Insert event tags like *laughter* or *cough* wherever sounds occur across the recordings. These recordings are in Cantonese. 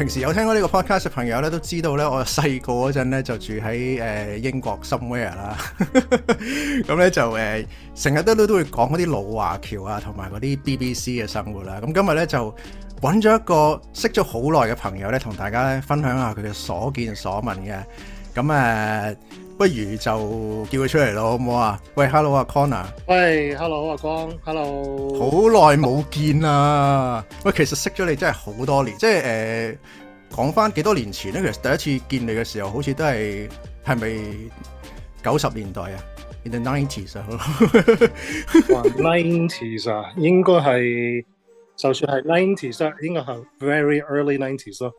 平時有聽過呢個 podcast 嘅朋友咧，都知道咧，我細個嗰陣咧就住喺誒、呃、英國 Somewhere 啦，咁咧就誒成日都咧都會講嗰啲老華僑啊，同埋嗰啲 BBC 嘅生活啦、啊。咁今日咧就揾咗一個識咗好耐嘅朋友咧，同大家分享下佢嘅所見所聞嘅。咁誒。呃不如就叫佢出嚟咯，好唔好啊？喂，Hello 阿 Connor。喂，hey，Hello，阿光，Hello。好耐冇見啦！喂，其實識咗你真係好多年，即係誒講返幾多年前咧，其實第一次見你嘅時候，好似都係，係咪九十年代啊？In the nineties 啊？Nineties 啊？應該係就算係 nineties 啊，應該係 very early nineties 啊？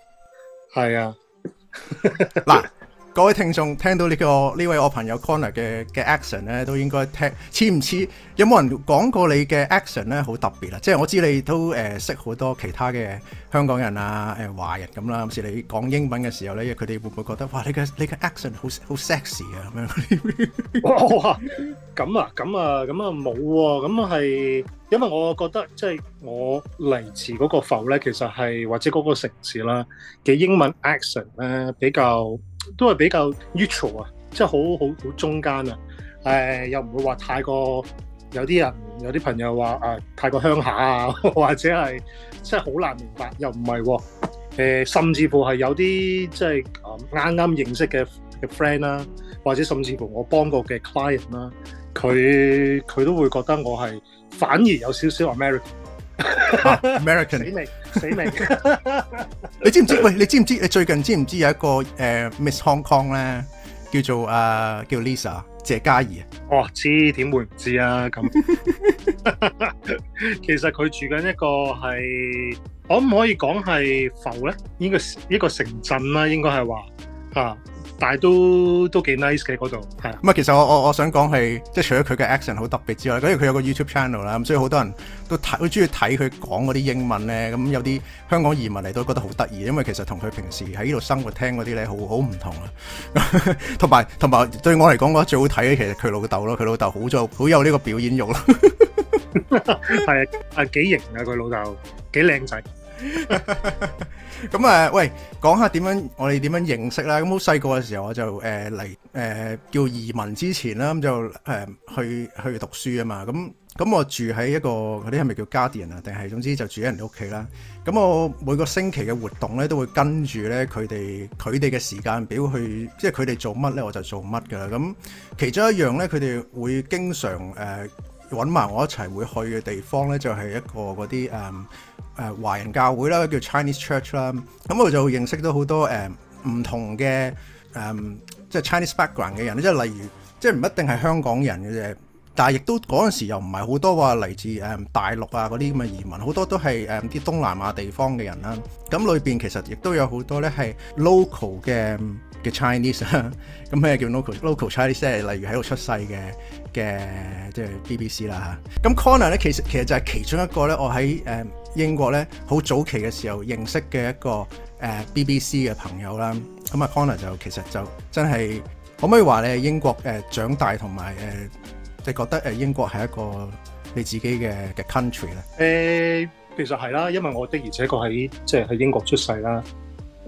係啊。嗱。各位聽眾聽到呢個呢位我朋友 Connor 嘅，嘅 accent 咧，都應該聽似唔似？有冇人講過你嘅 accent 咧？好特別啊！即係我知你都誒識好多其他嘅香港人啊誒華人咁啦。是你講英文嘅時候咧，因為佢哋會唔會覺得哇！你嘅你嘅 accent 好好 sexy 啊咁樣？哇！咁啊咁啊咁啊冇喎！咁係因為我覺得即係我嚟自嗰個埠咧，其實係或者嗰個城市啦嘅英文 accent 咧比較。都係比較 neutral 啊，即係好好好中間啊，誒、呃、又唔會話太過有啲人有啲朋友話啊、呃、太過鄉下啊，或者係即係好難明白，又唔係喎，甚至乎係有啲即係啱啱認識嘅嘅 friend 啦，或者甚至乎我幫過嘅 client 啦，佢佢都會覺得我係反而有少少 American，American、uh。 *laughs* 死命！ *laughs* 你知唔知？喂，你知唔知？你最近知唔知有一個誒、呃、Miss Hong Kong 咧，叫做啊、呃，叫 Lisa 謝嘉怡啊？哦，知，點會唔知啊？咁， *laughs* *laughs* 其實佢住緊一個係，可唔可以講係埠咧？呢個呢個城鎮啦，應該係話啊。但係都都幾 nice 嘅嗰度，係啊。咁啊，其實我我我想講係，即係除咗佢嘅 accent 好特別之外，因為佢有個 YouTube channel 啦，咁所以好多人都睇，好中意睇佢講嗰啲英文咧。咁有啲香港移民嚟都覺得好得意，因為其實同佢平時喺呢度生活聽嗰啲咧，好好唔同啊。同埋同埋對我嚟講，我覺得最好睇嘅其實佢老豆咯，佢老豆好做，好有呢個表演慾。係 *laughs* 啊， *laughs* 幾型啊佢老豆，幾靚仔。咁 *laughs* 啊， *laughs* 喂，講下點樣我哋點樣認識啦？咁好細個嘅時候我就誒嚟誒叫移民之前啦，咁就誒、呃、去去讀書啊嘛。咁咁我住喺一個嗰啲係咪叫 Guardian 啊？定係總之就住喺人哋屋企啦。咁我每個星期嘅活動咧都會跟住咧佢哋佢哋嘅時間表去，即係佢哋做乜咧我就做乜噶啦。咁其中一樣咧，佢哋會經常誒。呃揾埋我一齊會去嘅地方咧，就係、是、一個嗰啲誒誒華人教會啦，叫做 Chinese Church 啦。咁我就認識到好多誒唔、呃、同嘅誒、呃、即係 Chinese background 嘅人，即係例如即係唔一定係香港人嘅，啫，但係亦都嗰陣時又唔係好多話嚟自誒大陸啊嗰啲咁嘅移民，好多都係誒啲東南亞地方嘅人啦。咁裏邊其實亦都有好多咧係 local 嘅。嘅 Chinese 咁 *laughs* 咩叫 local local Chinese？即係例如喺度出世嘅，嘅即係 BBC 啦嚇。咁 Connor 咧，其實其實就係其中一個咧，我喺誒英國咧好早期嘅時候認識嘅一個誒 BBC 嘅朋友啦。咁啊，Connor 就其實就真係可唔可以話你係英國誒、呃、長大同埋誒即係覺得誒英國係一個你自己嘅嘅 country 咧？誒、欸，其實係啦，因為我的而且確喺即係喺英國出世啦。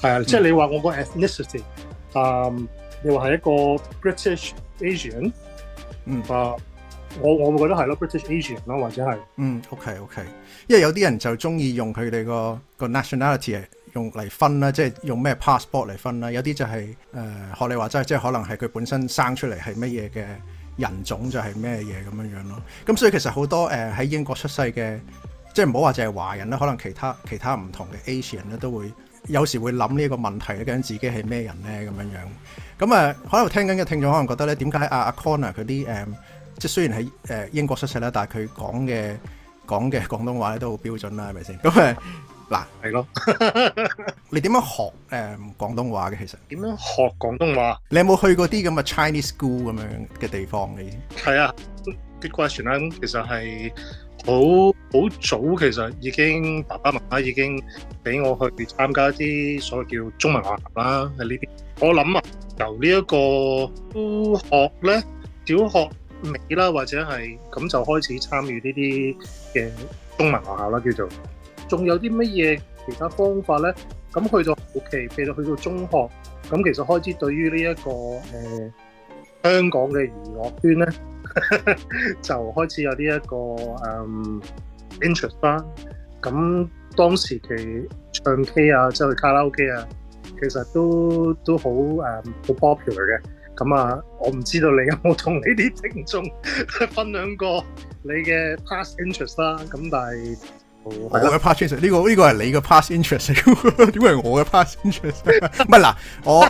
係啊，即係你話我個 ethnicity，啊、um，你話係一個 British Asian，啊、嗯 uh，我我會覺得係咯，British Asian 咯或者係。嗯，OK OK，因為有啲人就中意用佢哋個個 nationality 係用嚟分啦，即係用咩 passport 嚟分啦。有啲就係誒學你話齋，即係可能係佢本身生出嚟係乜嘢嘅人種就係咩嘢咁樣樣咯。咁所以其實好多誒喺、呃、英國出世嘅，即係唔好話淨係華人啦，可能其他其他唔同嘅 Asian 咧都會有時會諗呢個問題，究竟自己係咩人咧？咁樣樣咁啊，可能聽緊嘅聽眾可能覺得咧，點解阿阿 Connor 佢啲誒，即係雖然喺誒英國出世啦，但係佢講嘅講嘅廣東話咧都好標準啦，係咪先？咁啊嗱，係咯， *laughs* 你點樣學誒、嗯、廣東話嘅其實？點樣學廣東話？你有冇去過啲咁嘅 Chinese school 咁樣嘅地方嘅？係啊，good question 啦，咁其實係。好好早，其實已經爸爸媽媽已經俾我去參加啲所謂叫中文學校啦，喺呢邊。我諗、啊、由呢一個都學咧小學尾啦，或者係咁就開始參與呢啲嘅中文學校啦，叫做。仲有啲乜嘢其他方法咧？咁去到學期，譬如去到中學，咁其實開始對於呢、這、一個誒。呃香港嘅娛樂圈咧，就開始有呢一個誒 interest 啦。咁當時其唱 K 啊，即係去卡拉 OK 啊，其實都都好誒好 popular 嘅。咁啊，我唔知道你有冇同你啲聽眾分享過你嘅 past interest 啦。咁但係我嘅 past interest 呢，個呢個係你嘅 past interest，點解係我嘅 past interest？唔係嗱我。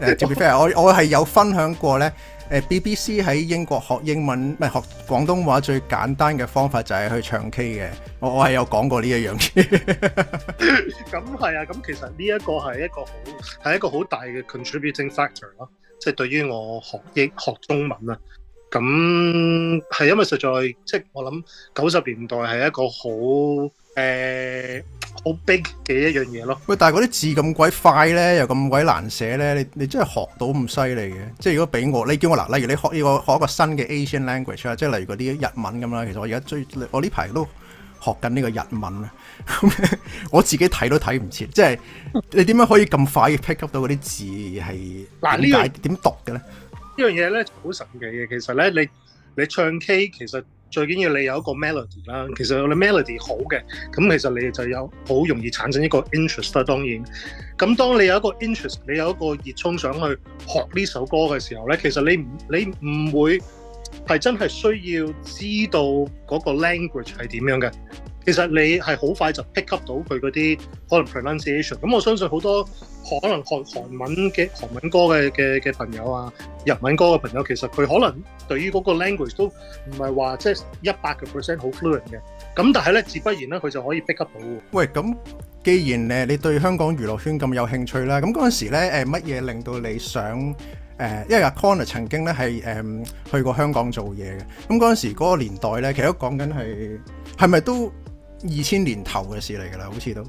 誒、 *laughs* uh, 我我係有分享過呢誒，BBC 喺英國學英文，唔係學廣東話，最簡單嘅方法就係去唱 K 嘅，我我係有講過呢一樣嘢。咁 *laughs* 係、 *laughs* 嗯、啊，咁、嗯、其實呢一個係一個好係一個好大嘅 contributing factor 咯，即係對於我學英學中文啊，咁、嗯、係因為實在即係、就是、我諗九十年代係一個好誒。欸好 big 嘅一樣嘢咯。喂，但係嗰啲字咁鬼快咧，又咁鬼難寫咧，你你真係學到咁犀利嘅？即係如果俾我，你叫我嗱，例如你學呢個學一個新嘅 Asian language 啊，即係例如嗰啲日文咁啦。其實我而家追，我呢排都學緊呢個日文啊。 *laughs* 我自己睇都睇唔切， *laughs* 即係你點樣可以咁快 pick up 到嗰啲字係？嗱、這個、呢樣點讀嘅咧？呢樣嘢咧好神奇嘅。其實咧，你你唱 K 其實。最緊要你有一個 melody 啦，其實你 melody 好嘅，咁其實你就有好容易產生一個 interest 啦、啊。當然，咁當你有一個 interest，你有一個熱衷想去學呢首歌嘅時候咧，其實你唔你唔會係真係需要知道嗰個 language 係點樣嘅。其實你係好快就 pick up 到佢嗰啲可能 pronunciation，咁我相信好多可能學韓文嘅韓文歌嘅嘅嘅朋友啊，日文歌嘅朋友，其實佢可能對於嗰個 language 都唔係話即係一百個 percent 好 fluent 嘅，咁但係咧，自不然咧，佢就可以 pick up 到嘅。喂，咁既然誒你對香港娛樂圈咁有興趣啦，咁嗰陣時咧誒乜嘢令到你想誒？因為阿 Connor 曾經咧係誒去過香港做嘢嘅，咁嗰陣時嗰個年代咧，其實都講緊係係咪都？二千年頭嘅事嚟噶啦，好似都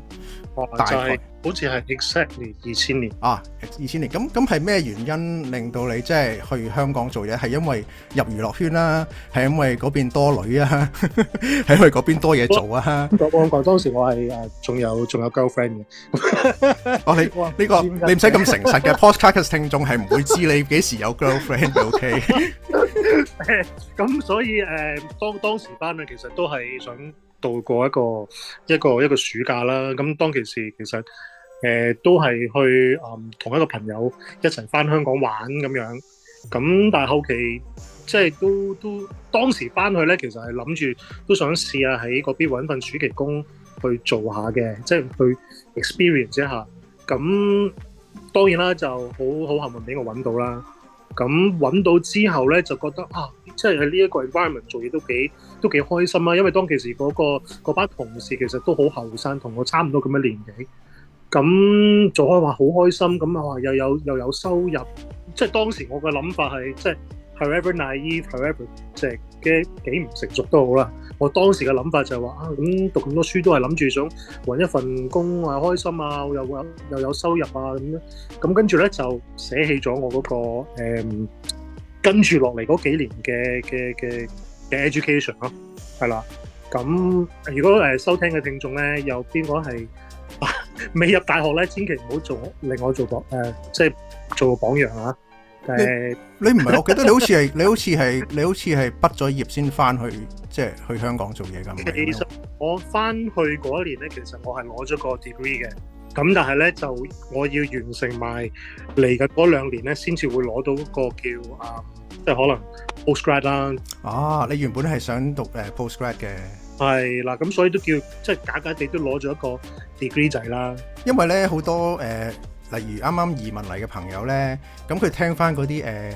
大概，好似係 exactly 二千年啊，二千年咁。咁係咩原因令到你即係去香港做嘢？係因為入娛樂圈啦，係因為嗰邊多女啊，喺佢嗰邊多嘢做啊。我我當時我係誒仲有仲有 girlfriend 嘅。哦，你呢個你唔使咁誠實嘅，podcast 聽眾係唔會知你幾時有 girlfriend 嘅。OK。咁所以誒當當時翻嚟其實都係想。度過一個一個一個暑假啦。咁當其時其實誒、呃、都係去誒同、嗯、一個朋友一齊翻香港玩咁樣。咁但係後期即係都都當時翻去咧，其實係諗住都想試下喺嗰邊揾份暑期工去做下嘅，即係去 experience 一下。咁當然啦，就好好幸運俾我揾到啦。咁揾到之後呢，就覺得啊，即係喺呢一個 environment 做嘢都幾都幾開心啦，啊，因為當其時嗰、嗰個嗰班同事其實都好後生，同我差唔多咁嘅年紀，咁做開話好開心，咁又話又有又有收入，即係當時我嘅諗法係即係。However naive, however 即係嘅幾唔成熟都好啦。我當時嘅諗法就係話啊，咁讀咁多書都係諗住想搵一份工啊，開心啊，又又有收入啊咁。咁跟住咧就捨棄咗我嗰個誒跟住落嚟嗰幾年嘅嘅嘅嘅 education 咯，係啦。咁如果誒收聽嘅聽眾咧，有邊個係未入大學咧，千祈唔好做令我做榜誒，即係做個榜樣啊！誒，你唔係，我記得你好似係，你好似係，你好似係畢咗業先翻去，即係去香港做嘢咁。其實我翻去嗰一年咧，其實我係攞咗個 degree 嘅，咁但係咧就我要完成埋嚟嘅嗰兩年咧，先至會攞到個叫啊，即係可能 postgrad 啦。啊，你原本係想讀誒 postgrad 嘅？係啦，咁所以都叫即係假假地都攞咗一個 degree 仔啦。因為咧好多誒。例如啱啱移民嚟嘅朋友呢，咁佢聽翻嗰啲誒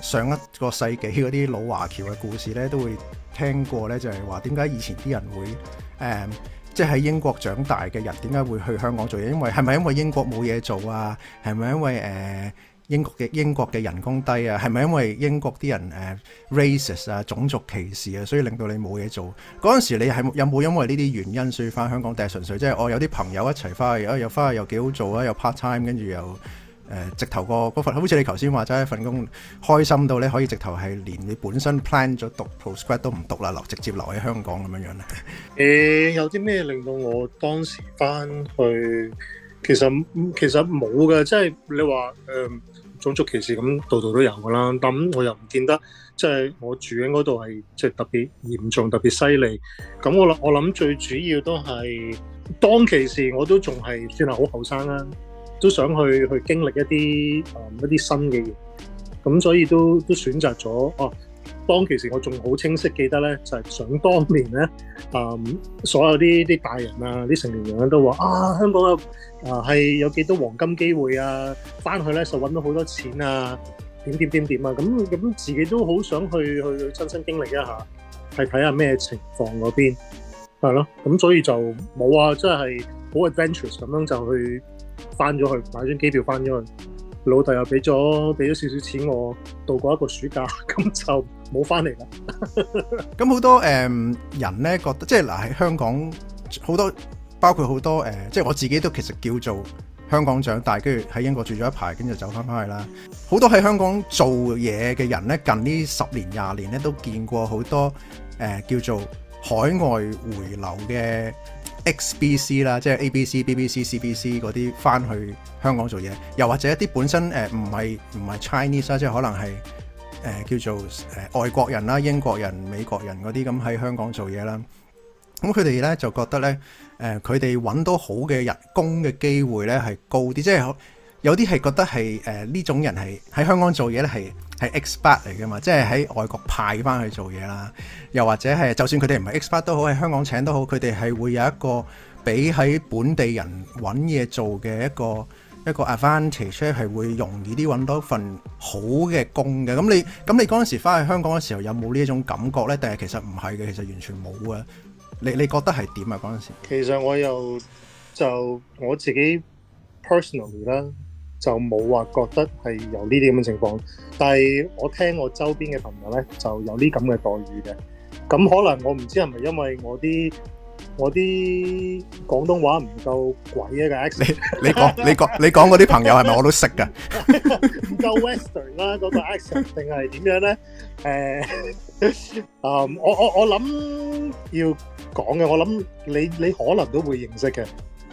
上一個世紀嗰啲老華僑嘅故事呢，都會聽過呢，就係話點解以前啲人會誒即係喺英國長大嘅人點解會去香港做嘢？因為係咪因為英國冇嘢做啊？係咪因為誒？呃英國嘅英國嘅人工低啊，係咪因為英國啲人誒 racist 啊種族歧視啊，所以令到你冇嘢做？嗰陣時你係有冇因為呢啲原因所以翻香港？定係純粹即係我有啲朋友一齊翻去，啊又翻去又幾好做啊，又 part time 跟住又誒直頭個份，好似你頭先話齋一份工開心到你，可以直頭係連你本身 plan 咗讀 postgrad 都唔讀啦，留直接留喺香港咁樣樣咧？誒有啲咩令到我當時翻去？其實其實冇㗎，即係你話誒。種族歧視咁度度都有噶啦，咁我又唔見得即係、就是、我住嘅嗰度係即係特別嚴重、特別犀利。咁我諗我諗最主要都係當其時我都仲係算係好後生啦，都想去去經歷一啲、誒、一啲新嘅嘢，咁所以都都選擇咗哦。啊。當其時我仲好清晰記得咧，就係、是、想當年咧，嗯，所有啲啲大人啊，啲成年人咧都話啊，香港啊係有幾多黃金機會啊，翻去咧就揾到好多錢啊，點點點點啊，咁、嗯、咁、嗯嗯、自己都好想去去親身經歷一下，係睇下咩情況嗰邊，係咯，咁所以就冇啊，真係好 adventurous 咁樣就去翻咗去了，買張機票翻咗去，老豆又俾咗俾咗少少錢我度過一個暑假，咁、嗯、就。冇翻嚟啦！咁好多誒人呢，覺得即係嗱，喺香港好多，包括好多誒、呃，即係我自己都其實叫做香港長大，跟住喺英國住咗一排，跟住走翻翻去啦。好多喺香港做嘢嘅人呢，近呢十年廿年呢，都見過好多誒、呃、叫做海外回流嘅 XBC 啦，即係 ABC、BBC、CBC 嗰啲翻去香港做嘢，又或者一啲本身誒唔係唔係 Chinese 啦，即係可能係。誒、呃、叫做誒、呃、外國人啦、英國人、美國人嗰啲咁喺香港做嘢啦，咁佢哋咧就覺得咧，誒佢哋揾到好嘅人工嘅機會咧係高啲，即係有啲係覺得係誒呢種人係喺香港做嘢咧係係 expat 嚟㗎嘛，即係喺外國派翻去做嘢啦，又或者係就算佢哋唔係 expat 都好，喺香港請都好，佢哋係會有一個比喺本地人揾嘢做嘅一個。一個 advantage 係會容易啲揾到一份好嘅工嘅，咁你咁你嗰陣時翻去香港嘅時候有冇呢一種感覺咧？定係其實唔係嘅，其實完全冇啊。你你覺得係點啊？嗰陣時其實我又就我自己 personally 啦，就冇話覺得係有呢啲咁嘅情況，但係我聽我周邊嘅朋友咧就有呢咁嘅待遇嘅，咁可能我唔知係咪因為我啲。我啲廣東話唔夠鬼嘅，accent，你你講你講你講嗰啲朋友係咪我都識噶？唔夠 Western 啦，嗰個 accent 定係點樣咧？誒，嗯，我我我諗要講嘅，我諗你你可能都會認識嘅，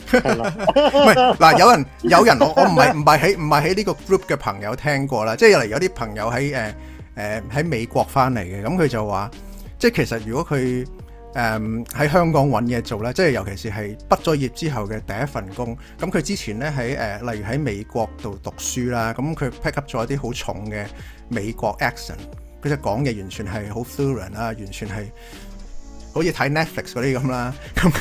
係啦。唔係嗱，有人有人我我唔係唔係喺唔係喺呢個 group 嘅朋友聽過啦，即係有嚟，有啲朋友喺誒誒喺美國翻嚟嘅，咁佢就話，即係其實如果佢。誒喺香港揾嘢做啦，即係尤其是係畢咗業之後嘅第一份工。咁佢之前咧喺誒，例如喺美國度讀書啦，咁佢 pick up 咗一啲好重嘅美國 accent。佢就講嘢完全係好 fluent 啦，完全係好似睇 Netflix 嗰啲咁啦。咁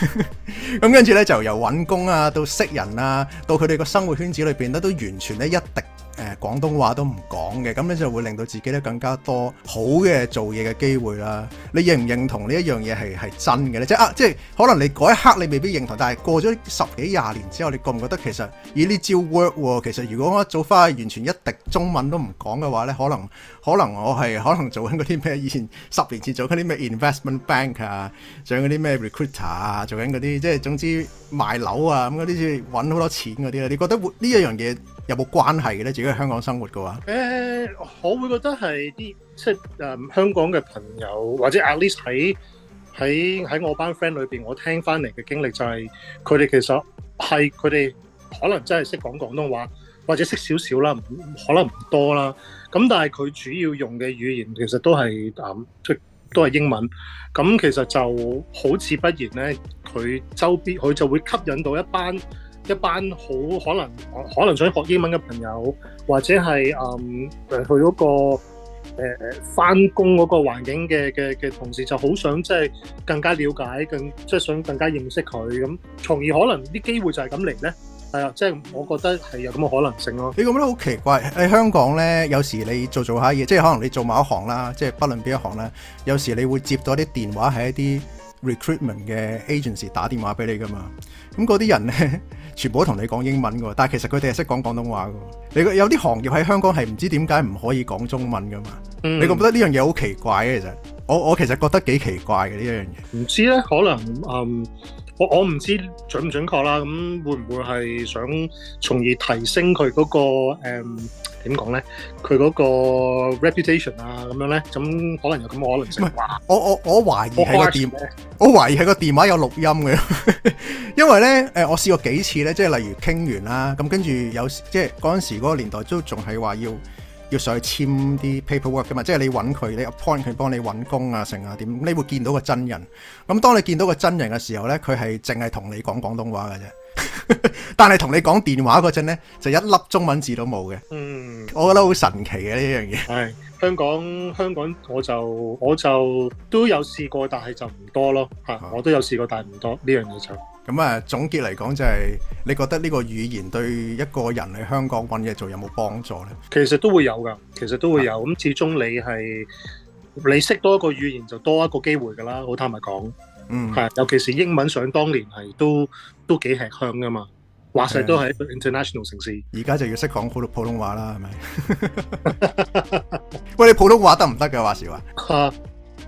咁跟住咧就由揾工啊，到識人啊，到佢哋個生活圈子裏邊咧，都完全咧一滴。誒、呃、廣東話都唔講嘅，咁咧就會令到自己咧更加多好嘅做嘢嘅機會啦。你認唔認同一呢一樣嘢係真嘅咧？即係啊，即係可能你嗰一刻你未必認同，但係過咗十幾廿年之後，你覺唔覺得其實以呢招 work，其實如果我做翻完全一滴中文都唔講嘅話咧，可能可能我係可能做緊嗰啲咩？以前十年前做緊啲咩 investment bank 啊，做緊嗰啲咩 recruiter 啊，做緊嗰啲即係總之賣樓啊咁嗰啲，揾好多錢嗰啲。你覺得呢一樣嘢？有冇關係嘅咧？自己喺香港生活嘅話，誒、呃，我會覺得係啲即係誒、嗯、香港嘅朋友，或者 at least 喺喺喺我班 friend 裏邊，我聽翻嚟嘅經歷就係佢哋其實係佢哋可能真係識講廣東話，或者識少少啦，唔、可能唔多啦。咁但係佢主要用嘅語言其實都係誒，即、嗯、都係英文。咁其實就好似不然咧，佢周邊佢就會吸引到一班，一班好可能可能想學英文嘅朋友，或者係、嗯、去嗰個誒翻工嗰個環境嘅嘅嘅同事，就好想即係更加了解，更即係想更加認識佢咁，從而可能啲機會就係咁嚟咧。係啊，即係我覺得係有咁嘅可能性咯、啊。你覺得好奇怪喺香港咧，有時你做做下嘢，即係可能你做某一行啦，即係不論邊一行啦，有時你會接到啲電話喺一啲。recruitment 嘅 agents 打電話俾你噶嘛，咁嗰啲人咧全部都同你講英文嘅，但係其實佢哋係識講廣東話嘅。你有啲行業喺香港係唔知點解唔可以講中文嘅嘛？嗯嗯，你覺唔覺得呢樣嘢好奇怪？其實我我其實覺得幾奇怪嘅呢一樣嘢。唔知咧，可能嗯。我我唔知準唔準確啦，咁會唔會係想從而提升佢嗰、嗰個誒點講咧？佢、嗯、嗰個 reputation 啊，咁樣咧，咁可能有咁可能性。是我我我懷疑係個電，我懷疑係個電話有錄音嘅， *laughs* 因為咧誒，我試過幾次咧，即係例如傾完啦，咁跟住有即係嗰陣時嗰個年代都仲係話要。要上去簽啲 paperwork 嘅嘛，即係你揾佢，你 appoint 佢幫你揾工啊，成啊點，你會見到個真人。咁當你見到個真人嘅時候呢，佢係淨係同你講廣東話嘅啫。 *laughs* 但係同你講電話嗰陣呢，就一粒中文字都冇嘅。嗯，我覺得好神奇嘅呢樣嘢。香港，香港我就我就都有試過，但係就唔多咯，啊。我都有試過，但係唔多呢樣嘢就。咁啊，總結嚟講就係，你覺得呢個語言對一個人喺香港揾嘢做有冇幫助呢？其實都會有噶，其實都會有。咁始終你係你識多一個語言就多一個機會噶啦。好坦白講，嗯，係，尤其是英文，想當年係都都幾吃香噶嘛。話曬都係一個 international 城市。而家就要識講好多普通話啦，係咪？ *laughs* *laughs* 喂，你普通話得唔得噶？話時話？Uh,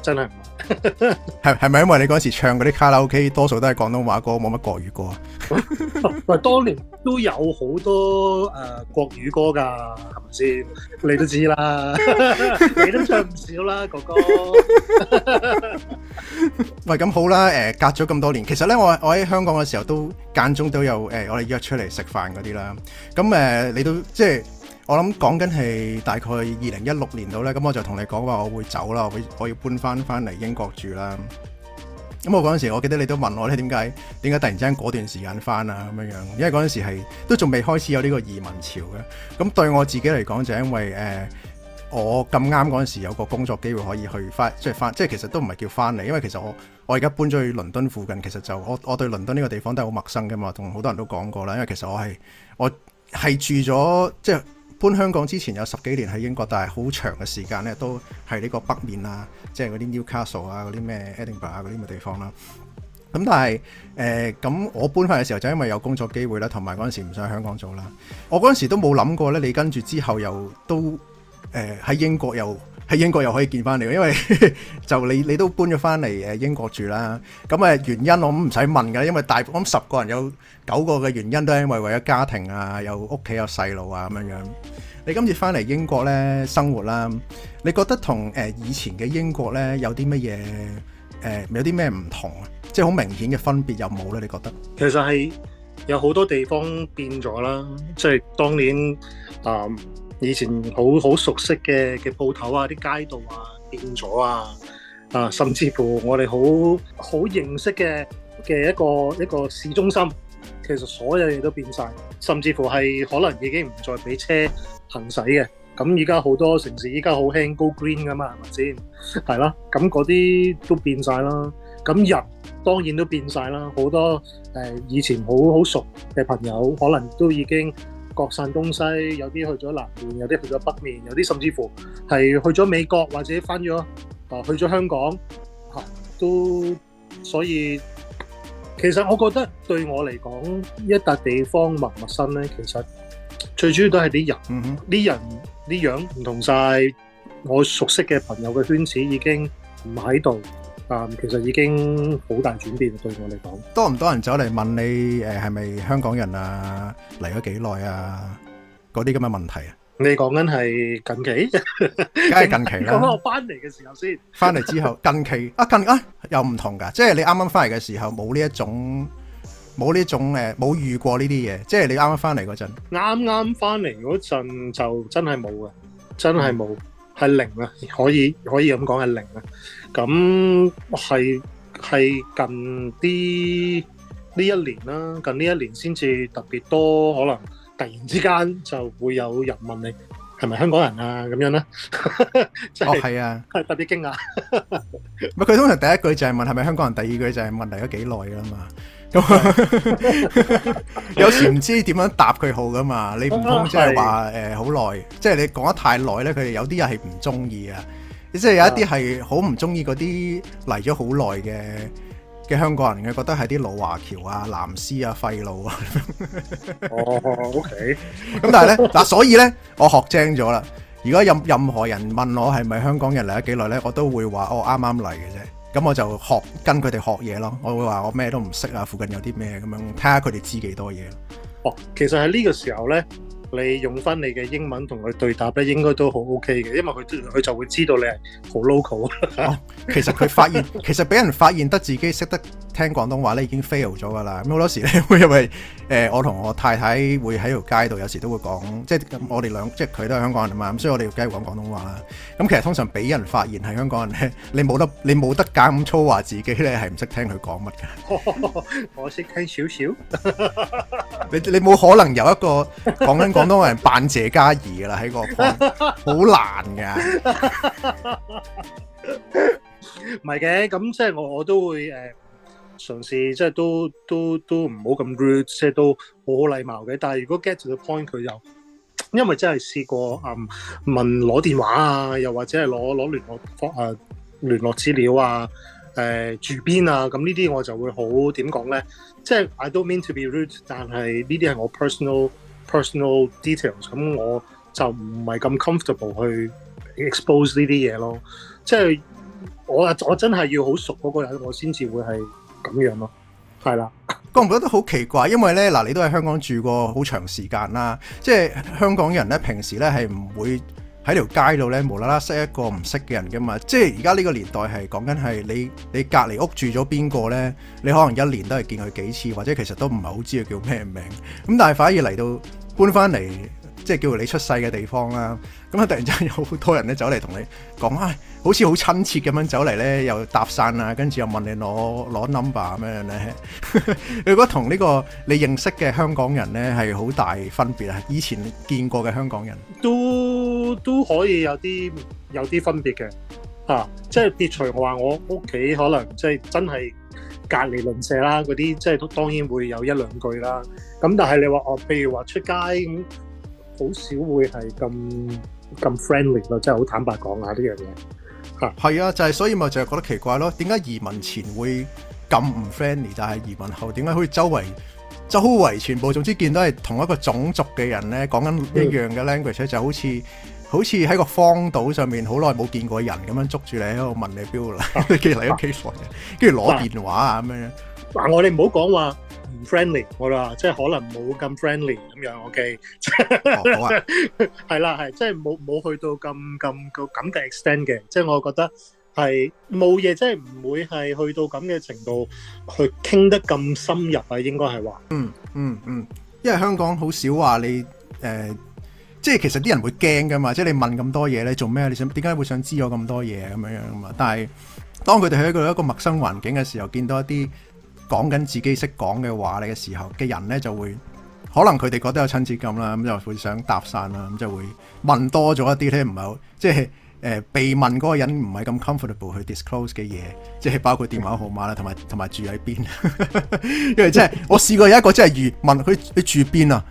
真係唔係，係係咪因為你嗰時唱嗰啲卡拉 OK，多數都係廣東話歌，冇乜國語歌？喂， *laughs* 當年都有好多誒、呃、國語歌噶，係咪先？你都知啦， *laughs* 你都唱唔少啦，哥哥。 *laughs* 喂，咁好啦，誒、呃，隔咗咁多年，其實咧，我我喺香港嘅時候都間中都有誒、呃，我哋約出嚟食飯嗰啲啦。咁誒、呃，你都即係。我諗講緊係大概二零一六年度呢，咁我就同你講話我會走啦，我我要搬翻翻嚟英國住啦。咁我嗰陣時，我記得你都問我咧，點解點解突然之間嗰段時間翻啊咁樣樣？因為嗰陣時係都仲未開始有呢個移民潮嘅。咁對我自己嚟講就係因為誒，我咁啱嗰陣時有個工作機會可以去翻，即係翻，即係其實都唔係叫翻嚟，因為其實我我而家搬咗去倫敦附近，其實就我我對倫敦呢個地方都係好陌生噶嘛，同好多人都講過啦。因為其實我係我係住咗即係。搬香港之前有十幾年喺英國，但係好長嘅時間咧，都係呢個北面啊，即係嗰啲 Newcastle 啊，嗰啲咩 Edinburgh 啊嗰啲嘅地方啦。咁但係誒，咁、呃、我搬翻嘅時候就因為有工作機會啦，同埋嗰陣時唔想喺香港做啦。我嗰陣時候都冇諗過咧，你跟住之後又都誒喺、呃、英國又。喺英國又可以見翻你，因為 *laughs* 就你你都搬咗翻嚟誒英國住啦。咁誒原因我唔使問噶，因為大我諗十個人有九個嘅原因都係因為為咗家庭啊，有屋企、啊、有細路啊咁樣、啊、樣。你今次翻嚟英國咧生活啦、啊，你覺得同誒以前嘅英國咧有啲乜嘢誒有啲咩唔同啊？即係好明顯嘅分別有冇咧？你覺得其實係有好多地方變咗啦，即、就、係、是、當年啊，呃以前好好熟悉嘅嘅鋪頭啊，啲街道啊變咗啊，啊甚至乎我哋好好認識嘅嘅一個一個市中心，其實所有嘢都變曬，甚至乎係可能已經唔再俾車行駛嘅。咁而家好多城市依家好興 go green 噶嘛，係咪先？係啦，咁嗰啲都變曬啦。咁人當然都變曬啦，好多誒以前好好熟嘅朋友，可能都已經。各散東西，有啲去咗南面，有啲去咗北面，有啲甚至乎係去咗美國或者翻咗啊去咗香港吓，都所以其實我覺得對我嚟講，一笪地方陌陌生咧，其實最主要都係啲人，啲人啲樣唔同晒，我熟悉嘅朋友嘅圈子已經唔喺度。誒，其實已經好大轉變，對我嚟講。多唔多人走嚟問你誒，係咪香港人啊？嚟咗幾耐啊？嗰啲咁嘅問題啊？你講緊係近期，梗係近期啦。講開我翻嚟嘅時候先。翻嚟之後，近期啊近啊，又唔同噶。即係你啱啱翻嚟嘅時候，冇呢一種，冇呢一種誒，冇遇過呢啲嘢。即係你啱啱翻嚟嗰陣。啱啱翻嚟嗰陣就真係冇嘅，真係冇，係零啊，可以可以咁講係零啊。咁係係近啲呢一年啦，近呢一年先至特別多，可能突然之間就會有人問你係咪香港人啊咁樣啦、就是。哦，係啊，係特別驚訝。佢、啊啊、 *laughs* 通常第一句就係問係咪香港人，第二句就係問嚟咗幾耐噶嘛。 *laughs* 嗯、 *laughs* 有時唔知點樣答佢好噶嘛。你唔通即係話誒好耐？即、啊、係、呃就是、你講得太耐咧，佢哋有啲人係唔中意啊。即係有一啲係好唔中意嗰啲嚟咗好耐嘅嘅香港人嘅，覺得係啲老華僑啊、藍絲啊、廢老啊。哦、oh，OK。咁但係咧，嗱，所以咧， *laughs* 我學精咗啦。如果任任何人問我係咪香港人嚟咗幾耐咧，我都會話我啱啱嚟嘅啫。咁我就學跟佢哋學嘢咯。我會話我咩都唔識啊，附近有啲咩咁樣，睇下佢哋知幾多嘢。哦，其實喺呢個時候咧。你用翻你嘅英文同佢對答咧，應該都好 OK 嘅，因為佢佢就會知道你係好 local。其實佢發現，其實俾人發現得自己識得聽廣東話咧，已經 fail 咗噶啦。咁好多時咧，會因為誒，我同我太太會喺條街度，有時都會講，即係我哋兩，即係佢都係香港人嘛，咁所以我哋要繼續講廣東話啦。咁其實通常俾人發現係香港人咧，你冇得你冇得揀咁粗話自己咧係唔識聽佢講乜嘅。我識聽少少。你你冇可能有一個講緊。廣東人扮謝嘉儀啦，喺個 point 好難嘅。唔係嘅，咁即係我我都會誒嘗試，即、呃、係、就是、都都都唔好咁 rude 即係都好好禮貌嘅。但係如果 get to the point，佢又因為真係試過啊、嗯、問攞電話啊，又或者係攞攞聯絡方誒聯絡資料啊，誒住邊啊，咁呢啲我就會好點講咧。即係、就是、I don't mean to be rude，但係呢啲係我 personal personal details，咁我就唔係咁 comfortable 去 expose 呢啲嘢咯。即係我我真係要好熟嗰個人，我先至會係咁樣咯。係啦，覺唔覺得好奇怪？因為咧，嗱，你都喺香港住過好長時間啦。即係香港人咧，平時咧係唔會喺條街度咧無啦啦識一個唔識嘅人嘅嘛。即係而家呢個年代係講緊係你你隔離屋住咗邊個咧，你可能一年都係見佢幾次，或者其實都唔係好知佢叫咩名。咁但係反而嚟到，搬翻嚟即係叫你出世嘅地方啦，咁啊突然間有好多人咧走嚟同你講啊、哎，好似好親切咁樣走嚟咧又搭訕啊，跟住又問你攞攞 number 咁樣咧。 *laughs* 你覺得同呢個你認識嘅香港人咧係好大分別啊？以前見過嘅香港人都都可以有啲有啲分別嘅啊，即係撇除我話我屋企可能即係真係。隔離鄰舍啦，嗰啲即係都當然會有一兩句啦。咁但係你話我，譬如話出街咁，好少會係咁咁 friendly 咯。真係好坦白講下呢樣嘢。係啊，就係、是、所以咪就係覺得奇怪咯。點解移民前會咁唔 friendly，但係移民後點解可以周圍周圍全部總之見到係同一個種族嘅人咧，講緊一樣嘅 language 咧、嗯，就好似～好似喺個荒島上面，好耐冇見過人咁樣捉住你喺度問你邊度嚟，跟住嚟屋企坐，跟住攞電話啊咁樣。嗱，我哋唔好講話唔 friendly，我啦，即係可能冇咁 friendly 咁樣。OK，好啊，係啦，係，即係冇冇去到咁咁個咁嘅 extent 嘅，即係我覺得係冇嘢，即係唔會係去到咁嘅程度去傾得咁深入啊，應該係話。嗯嗯嗯，因為香港好少話你誒。即係其實啲人會驚噶嘛，即係你問咁多嘢咧，做咩？你想點解會想知我咁多嘢咁樣樣嘛？但係當佢哋喺一個一個陌生環境嘅時候，見到一啲講緊自己識講嘅話你嘅時候嘅人咧，就會可能佢哋覺得有親切感啦，咁就會想搭訕啦，咁就會問多咗一啲咧，唔係好即係誒、呃、被問嗰個人唔係咁 comfortable 去 disclose 嘅嘢，即係包括電話號碼啦，同埋同埋住喺邊。 *laughs* 因為即係我試過有一個即係如問佢佢住邊啊。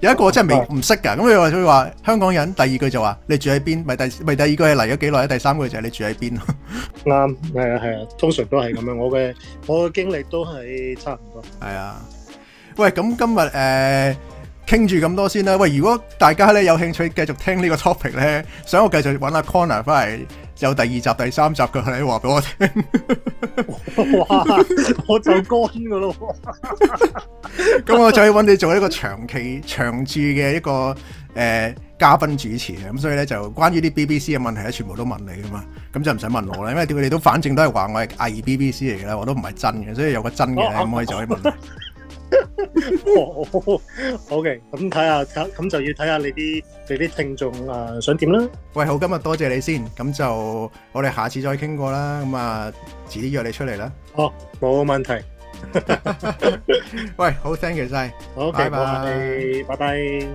有一個真係我唔識㗎，咁佢話佢話香港人第二句就話你住喺邊，咪第咪第二句係嚟咗幾耐，第三句就係你住喺邊。啱，係啊係啊，通常都係咁樣。我嘅我嘅經歷都係差唔多。係啊，喂，咁今日誒。傾住咁多先啦，喂！如果大家咧有興趣繼續聽呢個 topic 咧，想我繼續揾阿 Connor 翻嚟有第二集、第三集嘅，你話俾我聽。哇！我就乾嘅咯喎。咁我就要揾你做一個長期長住嘅一個誒、呃、嘉賓主持嘅，咁所以咧就關於啲 BBC 嘅問題咧，全部都問你㗎嘛。咁就唔使問我啦，因為佢哋都反正都係話我係偽 BBC 嚟㗎啦，我都唔係真嘅，所以有個真嘅可以再問。啊啊 *laughs* 好嘅，咁睇下，咁就要睇下你啲你啲聽眾啊，想點啦？喂，好，今日多謝你先，咁就我哋下次再傾過啦。咁啊，遲啲約你出嚟啦。哦，冇問題。喂，好，thank you，晒，好，拜拜，拜拜。